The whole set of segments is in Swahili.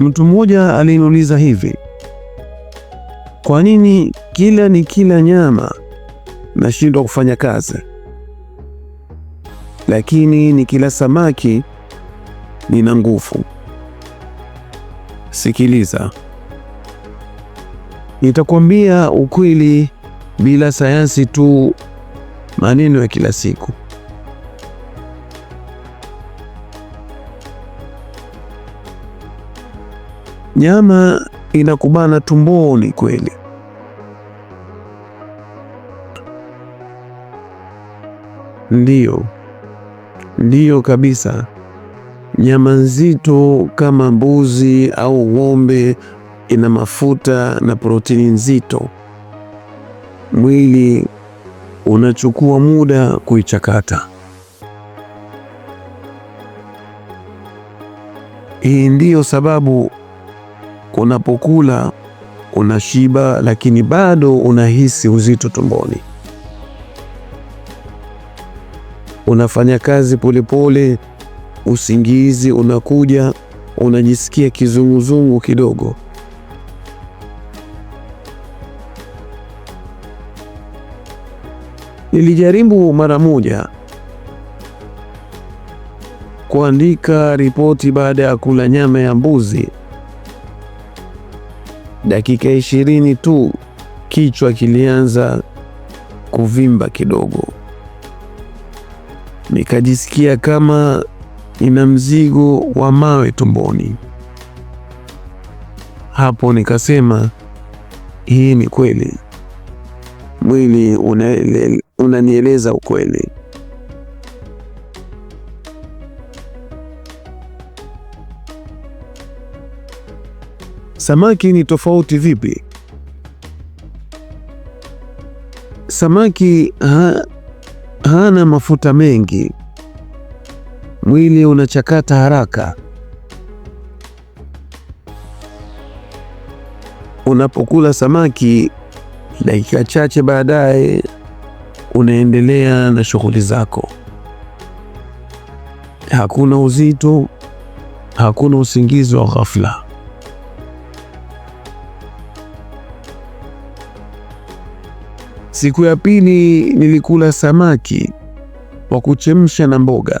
Mtu mmoja aliniuliza hivi, kwa nini kila ni kila nyama nashindwa kufanya kazi, lakini ni kila samaki nina nguvu? Sikiliza, nitakwambia ukweli bila sayansi tu, maneno ya kila siku. nyama inakubana tumboni kweli. Ndiyo, ndiyo kabisa. Nyama nzito kama mbuzi au ng'ombe ina mafuta na protini nzito, mwili unachukua muda kuichakata. Hii ndiyo sababu unapokula unashiba, lakini bado unahisi uzito tumboni. Unafanya kazi polepole, usingizi unakuja, unajisikia kizunguzungu kidogo. Nilijaribu mara moja kuandika ripoti baada ya kula nyama ya mbuzi. Dakika ishirini tu kichwa kilianza kuvimba kidogo, nikajisikia kama ina mzigo wa mawe tumboni. Hapo nikasema hii ni kweli, mwili unanieleza ukweli. Samaki ni tofauti vipi? Samaki ha, hana mafuta mengi, mwili unachakata haraka. Unapokula samaki, dakika chache baadaye unaendelea na shughuli zako. Hakuna uzito, hakuna usingizi wa ghafla. Siku ya pili nilikula samaki wa kuchemsha na mboga.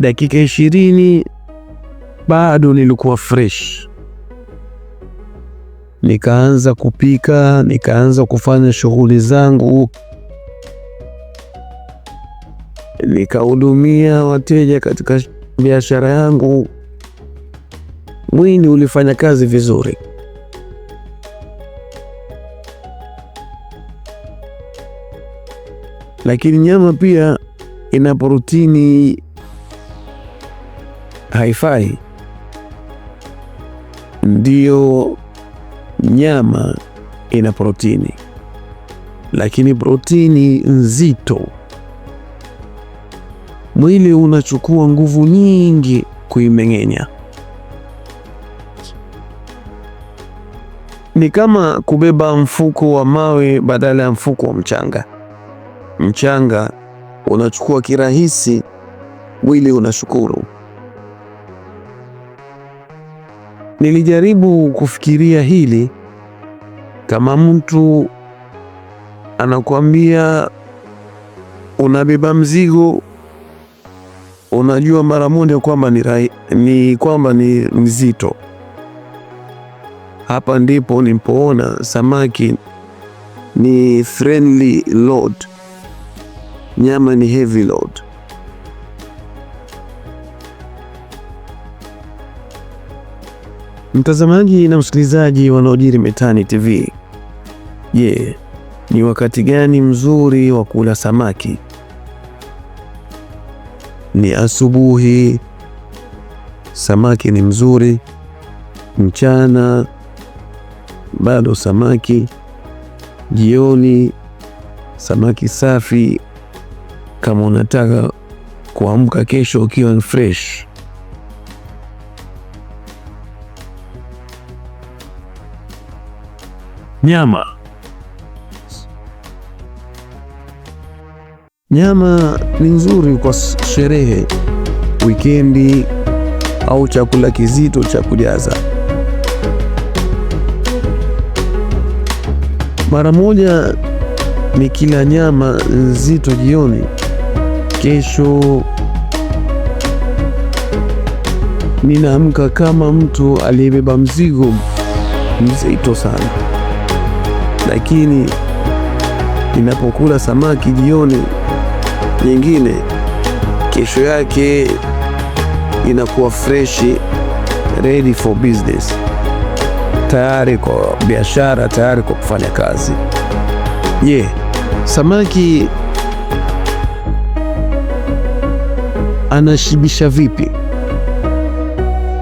Dakika ishirini bado nilikuwa fresh. Nikaanza kupika, nikaanza kufanya shughuli zangu, nikahudumia wateja katika biashara yangu. Mwili ulifanya kazi vizuri. Lakini nyama pia ina protini, haifai ndiyo nyama ina protini, lakini protini nzito. Mwili unachukua nguvu nyingi kuimeng'enya. Ni kama kubeba mfuko wa mawe badala ya mfuko wa mchanga mchanga unachukua kirahisi, mwili unashukuru. Nilijaribu kufikiria hili kama mtu anakuambia unabeba mzigo, unajua mara moja kwamba ni, rai, ni kwamba ni mzito. Hapa ndipo nilipoona samaki ni friendly load nyama ni heavy load. Mtazamaji na msikilizaji wanaojiri Mitaani TV, je, yeah, ni wakati gani mzuri wa kula samaki? Ni asubuhi, samaki ni mzuri. Mchana bado samaki, jioni samaki safi kama unataka kuamka kesho ukiwa fresh. Nyama, nyama ni nzuri kwa sherehe, wikendi au chakula kizito cha kujaza. Mara moja ni kila nyama nzito jioni. Kesho ninaamka kama mtu aliyebeba mzigo mzito sana, lakini ninapokula samaki jioni nyingine, kesho yake inakuwa fresh ready for business, tayari kwa biashara, tayari kwa kufanya kazi. Je, yeah, samaki anashibisha vipi?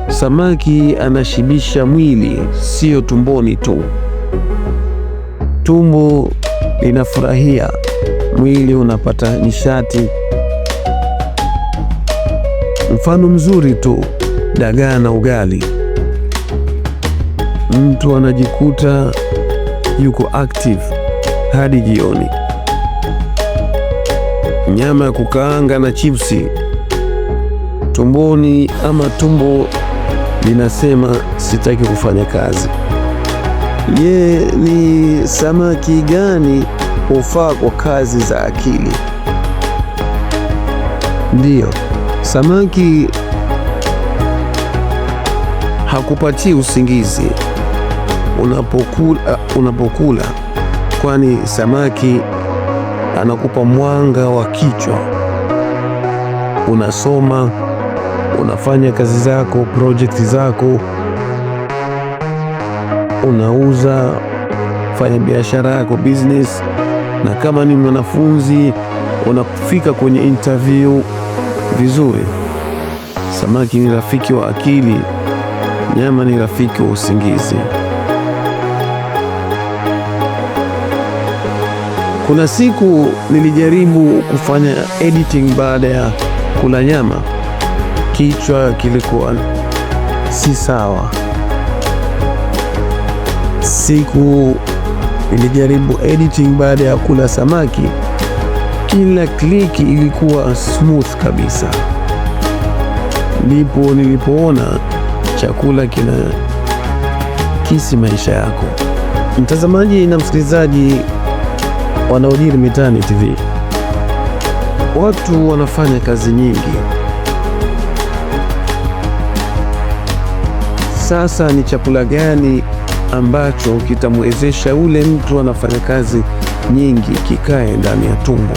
Samaki anashibisha mwili, sio tumboni tu. Tumbo linafurahia, mwili unapata nishati. Mfano mzuri tu, dagaa na ugali. Mtu anajikuta yuko active hadi jioni. Nyama ya kukaanga na chipsi tumboni ama tumbo linasema sitaki kufanya kazi. Je, ni samaki gani hufaa kwa kazi za akili? Ndiyo, samaki hakupatii usingizi unapokula, unapokula kwani samaki anakupa mwanga wa kichwa, unasoma unafanya kazi zako, project zako, unauza, fanya biashara yako business, na kama ni mwanafunzi unafika kwenye interview vizuri. Samaki ni rafiki wa akili, nyama ni rafiki wa usingizi. Kuna siku nilijaribu kufanya editing baada ya kula nyama kichwa kilikuwa si sawa. Siku nilijaribu editing baada ya kula samaki, kila kliki ilikuwa smooth kabisa. Ndipo nilipoona chakula kina kisi maisha yako. Mtazamaji na msikilizaji wanaojiri mitaani TV, watu wanafanya kazi nyingi sasa ni chakula gani ambacho kitamwezesha ule mtu anafanya kazi nyingi kikae ndani ya tumbo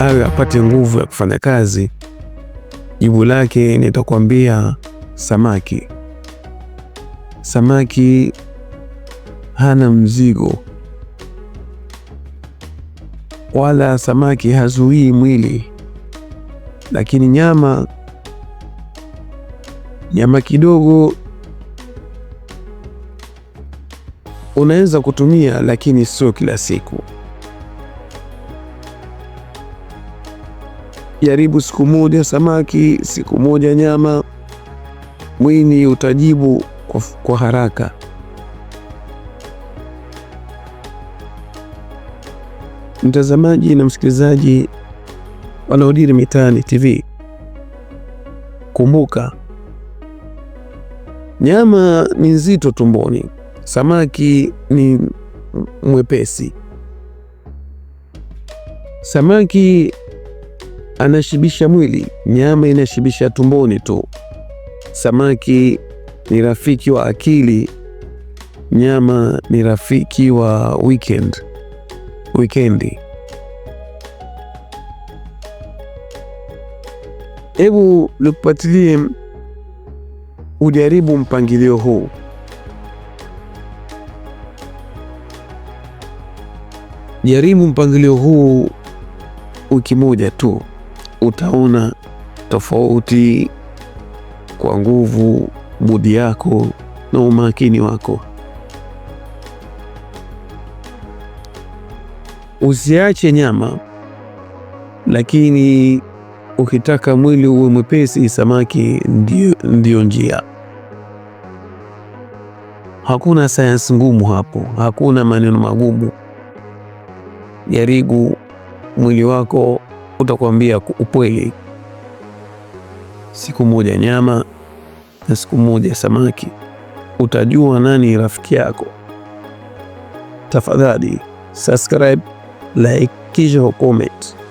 awe apate nguvu ya kufanya kazi? Jibu lake nitakwambia samaki. Samaki hana mzigo wala samaki hazuii mwili, lakini nyama nyama kidogo unaweza kutumia, lakini sio kila siku. Jaribu siku moja samaki, siku moja nyama. mwini utajibu kwa, kwa haraka. Mtazamaji na msikilizaji wanaojiri mitaani TV, kumbuka Nyama ni nzito tumboni, samaki ni mwepesi. Samaki anashibisha mwili, nyama inashibisha tumboni tu. Samaki ni rafiki wa akili, nyama ni rafiki wa weekend, wikendi. Hebu nikupatilie Ujaribu mpangilio huu. Jaribu mpangilio huu wiki moja tu, utaona tofauti kwa nguvu, budi yako na umakini wako. Usiache nyama, lakini ukitaka mwili uwe mwepesi, samaki ndio, ndio njia. Hakuna sayansi ngumu hapo, hakuna maneno magumu. Jaribu, mwili wako utakwambia ukweli. Siku moja nyama na siku moja samaki, utajua nani rafiki yako. Tafadhali subscribe, like, kisha comment.